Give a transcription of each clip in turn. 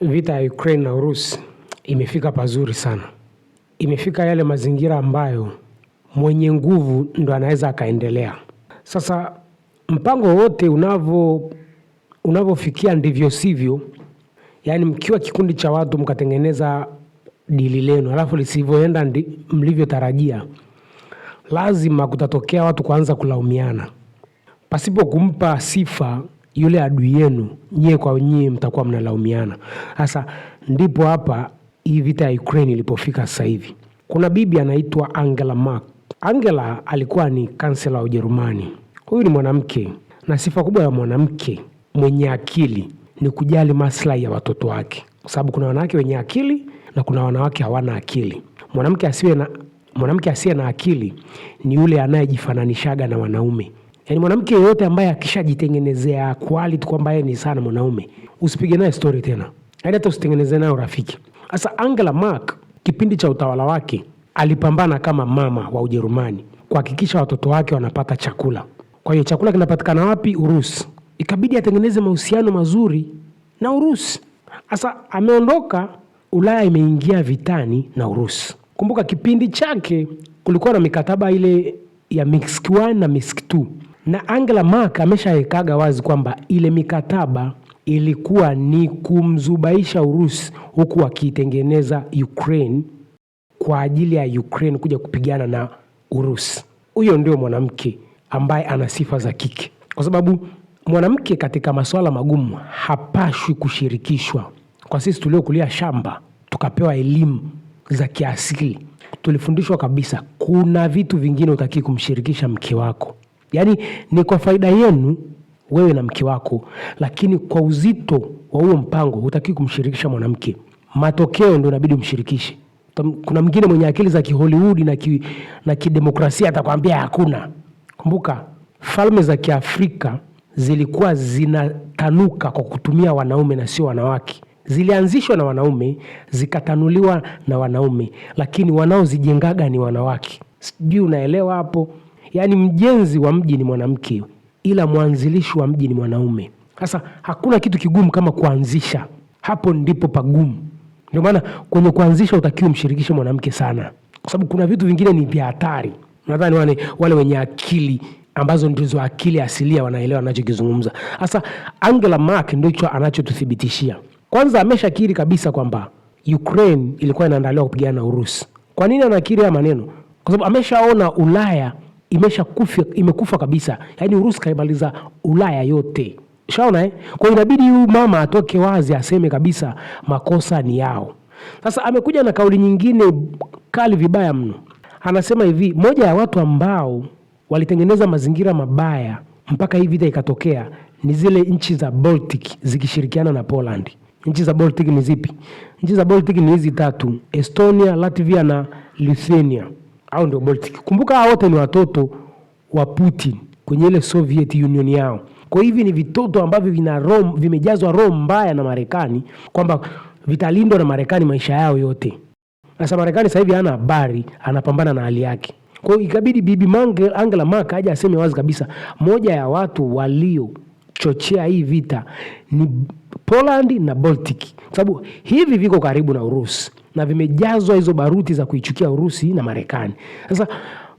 vita ya Ukraine na Urusi imefika pazuri sana, imefika yale mazingira ambayo mwenye nguvu ndo anaweza akaendelea. Sasa mpango wote unavo unavyofikia ndivyo sivyo, yaani mkiwa kikundi cha watu mkatengeneza dili lenu alafu lisivyoenda mlivyotarajia, lazima kutatokea watu kuanza kulaumiana pasipo kumpa sifa yule adui yenu, nyie kwa nyie mtakuwa mnalaumiana. Sasa ndipo hapa hii vita ya Ukraine ilipofika sasa hivi. Kuna bibi anaitwa Angela mark Angela alikuwa ni kansela wa Ujerumani. Huyu ni mwanamke, na sifa kubwa ya mwanamke mwenye akili ni kujali maslahi ya watoto wake, kwa sababu kuna wanawake wenye akili na kuna wanawake hawana akili. Mwanamke asiye na mwanamke asiye na akili ni yule anayejifananishaga na wanaume, Yaani mwanamke yeyote ambaye akishajitengenezea quality kwamba yeye ni sana mwanaume, usipige naye story tena, hadi yaani hata usitengeneze naye urafiki. Sasa Angela Merkel kipindi cha utawala wake alipambana kama mama wa Ujerumani kuhakikisha watoto wake wanapata chakula. Kwa hiyo chakula kinapatikana wapi? Urusi. Ikabidi atengeneze mahusiano mazuri na Urusi. Sasa ameondoka, Ulaya imeingia vitani na Urusi. Kumbuka kipindi chake kulikuwa na mikataba ile ya Minsk 1 na Minsk na Angela Mark ameshawekaga wazi kwamba ile mikataba ilikuwa ni kumzubaisha Urusi huku wakiitengeneza Ukraine kwa ajili ya Ukraine kuja kupigana na Urusi. Huyo ndio mwanamke ambaye ana sifa za kike, kwa sababu mwanamke katika masuala magumu hapashwi kushirikishwa. Kwa sisi tuliokulia shamba tukapewa elimu za kiasili, tulifundishwa kabisa, kuna vitu vingine utakii kumshirikisha mke wako yaani ni kwa faida yenu wewe na mke wako, lakini kwa uzito wa huo mpango hutaki kumshirikisha mwanamke. Matokeo ndio inabidi umshirikishe. Kuna mwingine mwenye akili za kihollywood na, ki, na kidemokrasia atakwambia hakuna. Kumbuka falme za Kiafrika zilikuwa zinatanuka kwa kutumia wanaume na sio wanawake. Zilianzishwa na wanaume zikatanuliwa na wanaume, lakini wanaozijengaga ni wanawake. Sijui unaelewa hapo? Yaani mjenzi wa mji ni mwanamke, ila mwanzilishi wa mji ni mwanaume. Sasa hakuna kitu kigumu kama kuanzisha, hapo ndipo pagumu. Ndio maana kwenye kuanzisha utakiwa umshirikishe mwanamke sana, kwa sababu kuna vitu vingine ni vya hatari. Nadhani wale, wale wenye akili ambazo ndizo akili asilia wanaelewa anachokizungumza. Sasa Angela ndo hicho anachotuthibitishia. Kwanza ameshakiri kabisa kwamba Ukraine ilikuwa inaandaliwa kupigana na Urusi. Kwa nini anakiri haya maneno? Kwa sababu ameshaona Ulaya imeshakufia imekufa kabisa, yaani Urusi kaimaliza Ulaya yote. Shaona eh? Kwa inabidi huyu mama atoke wazi aseme kabisa makosa ni yao. Sasa amekuja na kauli nyingine kali vibaya mno, anasema hivi, moja ya watu ambao walitengeneza mazingira mabaya mpaka hii vita ikatokea ni zile nchi za Baltic zikishirikiana na Poland. Nchi za Baltic ni zipi? Nchi za Baltic ni hizi tatu, Estonia, Latvia na Lithuania au ndio Baltic. Kumbuka hao wote ni watoto wa Putin kwenye ile Soviet Union yao. Kwa hivi ni vitoto ambavyo vina roho vimejazwa roho mbaya na Marekani kwamba vitalindwa na Marekani maisha yao yote. Sasa Marekani sasa hivi hana habari, anapambana na hali yake. Kwa hiyo ikabidi Bibi Angela Merkel aje aseme wazi kabisa, moja ya watu walio kuchochea hii vita ni Poland na Baltic, kwa sababu hivi viko karibu na Urusi na vimejazwa hizo baruti za kuichukia Urusi na Marekani. Sasa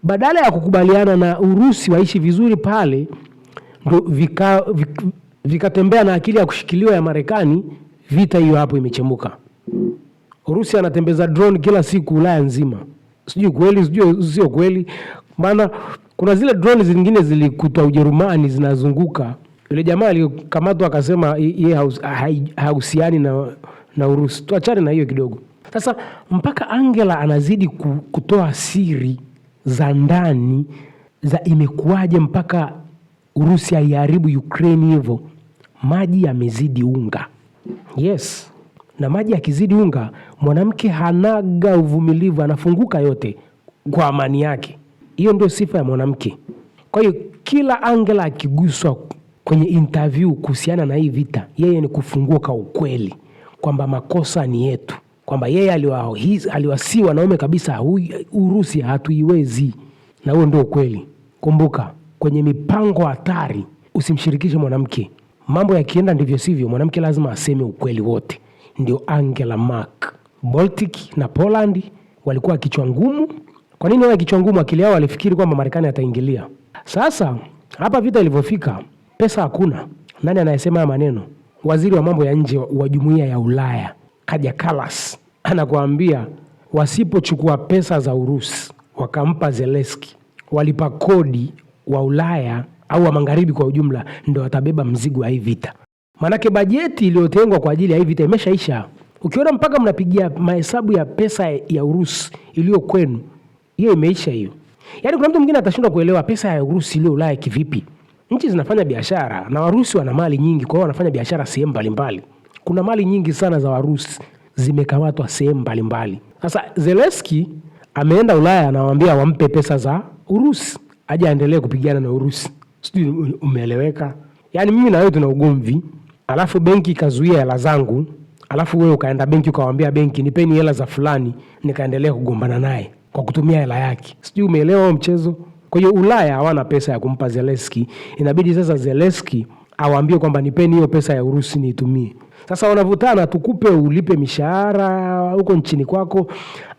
badala ya kukubaliana na Urusi waishi vizuri pale, ndo vikatembea vika, vika na akili ya kushikiliwa ya Marekani, vita hiyo hapo imechemuka. Urusi anatembeza drone kila siku Ulaya nzima, sijui kweli, sijui sio kweli, maana kuna zile drone zingine zilikutwa Ujerumani zinazunguka yule jamaa alikamatwa akasema yeye hahusiani na, na Urusi. Tuachane na hiyo kidogo. Sasa mpaka Angela anazidi kutoa siri za ndani za imekuwaje mpaka Urusi haiharibu Ukraine hivyo. Maji yamezidi unga. Yes, na maji yakizidi unga, mwanamke hanaga uvumilivu, anafunguka yote kwa amani yake. Hiyo ndio sifa ya mwanamke. Kwa hiyo kila Angela akiguswa kwenye interview kuhusiana na hii vita, yeye ni kufungua kwa ukweli kwamba makosa ni yetu, kwamba yeye aliwasi wanaume kabisa, Urusi hatuiwezi, na huo ndio ukweli. Kumbuka kwenye mipango hatari usimshirikishe mwanamke. Mambo yakienda ndivyo sivyo, mwanamke lazima aseme ukweli wote. Ndio Angela Merkel. Baltic na Poland walikuwa kichwa ngumu. Kwa nini wao kichwa ngumu? Akili yao walifikiri kwamba Marekani ataingilia. Sasa hapa vita ilivyofika Pesa hakuna. Nani anayesema haya maneno? Waziri wa mambo ya nje wa jumuiya ya Ulaya Kaja Kalas anakuambia wasipochukua pesa za Urusi wakampa zelenski walipa kodi wa Ulaya au wa magharibi kwa ujumla ndio watabeba mzigo wa hii vita, maanake bajeti iliyotengwa kwa ajili ya hii vita imeshaisha. Ukiona mpaka mnapigia mahesabu ya pesa ya Urusi iliyo kwenu, hiyo imeisha hiyo. Yaani kuna mtu mwingine atashindwa kuelewa pesa ya Urusi iliyo Ulaya kivipi? nchi zinafanya biashara na Warusi wana mali nyingi, kwa hiyo wanafanya biashara sehemu mbalimbali. Kuna mali nyingi sana za Warusi zimekamatwa sehemu mbalimbali. Sasa zelenski ameenda Ulaya, anawaambia wampe pesa za Urusi aje aendelee kupigana na Urusi. Sijui umeeleweka? Yaani mimi na wewe tuna ugomvi, alafu benki ikazuia hela zangu, alafu wewe ukaenda benki ukawambia benki nipeni hela za fulani, nikaendelea kugombana naye kwa kutumia hela yake. Sijui umeelewa mchezo? Kwa hiyo Ulaya hawana pesa ya kumpa Zelensky, inabidi sasa Zelensky awaambie kwamba nipeni hiyo pesa ya Urusi niitumie. Sasa wanavutana, tukupe ulipe mishahara huko nchini kwako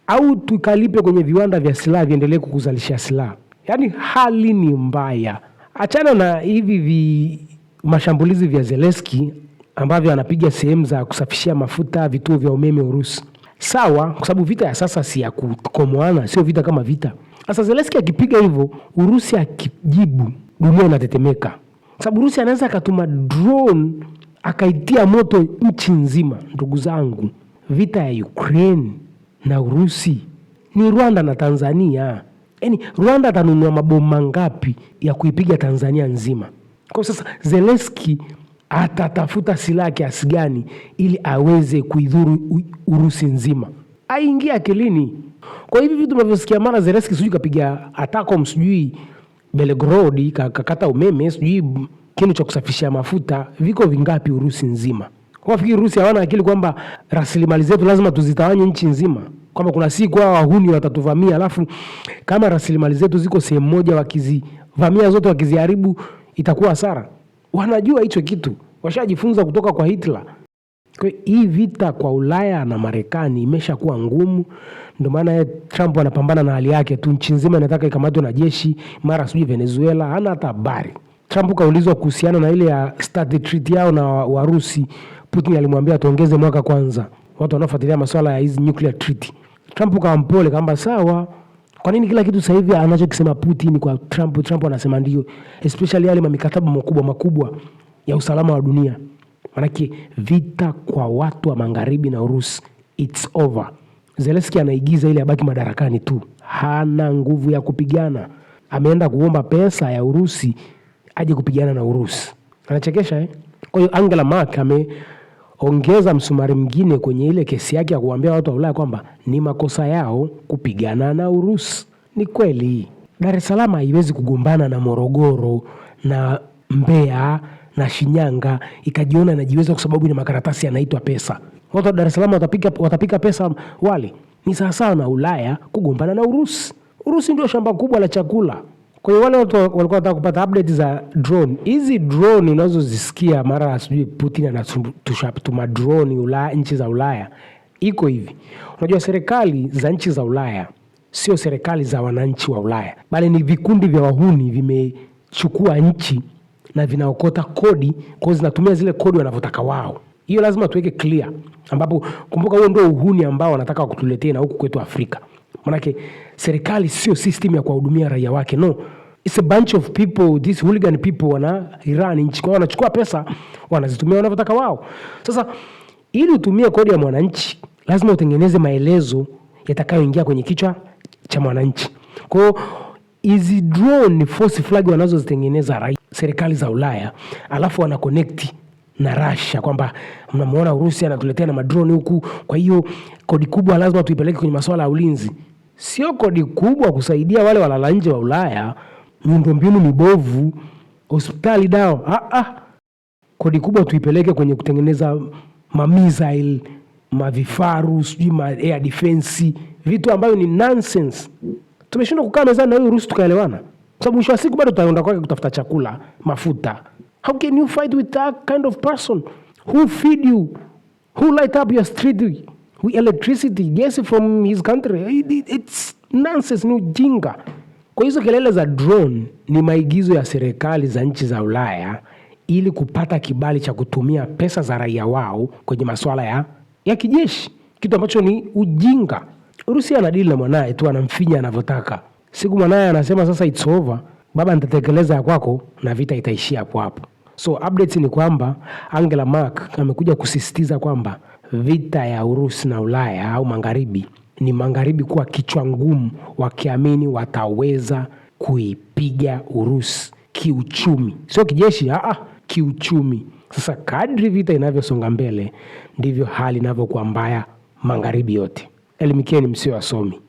au tukalipe kwenye viwanda vya silaha viendelee kukuzalisha silaha. Yaani hali ni mbaya. Achana na hivi vi mashambulizi vya Zelensky ambavyo anapiga sehemu za kusafishia mafuta, vituo vya umeme Urusi. Sawa, kwa sababu vita ya sasa si ya kukomoana, sio vita kama vita sasa Zelensky akipiga hivyo, Urusi akijibu, dunia inatetemeka, sababu Urusi anaweza akatuma drone akaitia moto nchi nzima. Ndugu zangu, vita ya Ukraine na Urusi ni Rwanda na Tanzania. Yaani Rwanda atanunua mabomu mangapi ya kuipiga Tanzania nzima? Kwa sasa Zelensky atatafuta silaha kiasi gani ili aweze kuidhuru Urusi nzima? Aingia akilini. Kwa hivi vitu mnavyosikia mara Zelensky sijui kapiga Atacms sijui Belgorod kakata umeme sijui kinu cha kusafishia mafuta viko vingapi Urusi nzima? Wafikiri Urusi hawana akili kwamba rasilimali zetu lazima tuzitawanye nchi nzima, kwamba kuna siku hao wahuni watatuvamia, alafu kama rasilimali zetu ziko sehemu moja, wakizivamia zote, wakiziharibu itakuwa hasara. Wanajua hicho kitu, washajifunza kutoka kwa Hitler hii vita kwa Ulaya na Marekani imeshakuwa ngumu, ndio maana Trump anapambana na hali yake tu. Nchi nzima inataka ikamatwe na jeshi, mara sijui Venezuela, hana hata habari. Trump kaulizwa kuhusiana na ile ya Start Treaty yao na Warusi, Putin alimwambia tuongeze mwaka kwanza, watu wanaofuatilia masuala ya hizi nuclear treaty. Trump kawa kamba sawa. Kwa nini kila kitu sasa hivi anachokisema Putin kwa Trump, Trump anasema ndio, especially yale mamikataba makubwa makubwa ya usalama wa dunia manake vita kwa watu wa magharibi na Urusi it's over. Zelensky anaigiza ili abaki madarakani tu, hana nguvu ya kupigana. Ameenda kuomba pesa ya Urusi aje kupigana na Urusi. Anachekesha eh? Kwa hiyo Angela Merkel ameongeza msumari mwingine kwenye ile kesi yake ya kuambia watu wa Ulaya kwamba ni makosa yao kupigana na Urusi. Ni kweli Dar es Salaam haiwezi kugombana na Morogoro na Mbeya na Shinyanga ikajiona inajiweza kwa sababu ina makaratasi yanaitwa pesa. Watu wa Dar es Salaam watapika, watapika pesa wali ni sawa na Ulaya kugombana na Urusi. Urusi ndio shamba kubwa la chakula. Kwa hiyo wale watu walikuwa wanataka kupata update za drone. Hizi drone unazozisikia mara sijui Putin anatuma drone Ulaya, nchi za Ulaya iko hivi. Unajua serikali za nchi za Ulaya sio serikali za wananchi wa Ulaya, bali ni vikundi vya wahuni vimechukua nchi na vinaokota kodi kwao, zinatumia zile kodi wanavyotaka wao. Hiyo lazima tuweke clear, ambapo kumbuka, huo ndio uhuni ambao wanataka wakutuletea na huku kwetu Afrika. Manake serikali sio system ya kuwahudumia raia wake, no. It's a bunch of people, these hooligan people wana iran nchi kwao, wanachukua pesa wanazitumia wanavyotaka wao. Sasa ili utumie kodi ya mwananchi, lazima utengeneze maelezo yatakayoingia kwenye kichwa cha mwananchi. Kwa hiyo hizi drone ni force flag wanazozitengeneza raia serikali za Ulaya alafu wana connect na Russia kwamba mnamuona Urusi anatuletea na madroni huku, kwa hiyo kodi kubwa lazima tuipeleke kwenye masuala ya ulinzi. Sio kodi kubwa kusaidia wale walala nje wa Ulaya, miundombinu mibovu, hospitali dao. Ah, ah. Kodi kubwa tuipeleke kwenye kutengeneza mamisail, mavifaru, sijui ma air defense, vitu ambavyo ni nonsense. Tumeshindwa kukaa mezani na huyu Urusi tukaelewana. Kwa sababu mwisho wa siku bado utaenda kwake kutafuta chakula, mafuta. How can you fight with that kind of person who feed you, who light up your street with electricity, yes from his country. It's nonsense, ni ujinga. Kwa hizo kelele za drone ni maigizo ya serikali za nchi za Ulaya ili kupata kibali cha kutumia pesa za raia wao kwenye masuala ya, ya kijeshi, kitu ambacho ni ujinga. Urusi anadili na mwanaye tu, anamfinya anavyotaka. Siku mwanaye anasema sasa it's over, baba, nitatekeleza ya kwako na vita itaishia hapo hapo. So updates ni kwamba Angela Merkel amekuja kusisitiza kwamba vita ya Urusi na Ulaya au magharibi ni magharibi kuwa kichwa ngumu, wakiamini wataweza kuipiga Urusi kiuchumi, sio kijeshi, ah, ah kiuchumi. Sasa kadri vita inavyosonga mbele ndivyo hali inavyokuwa mbaya magharibi yote. Elimikeni msio wasomi.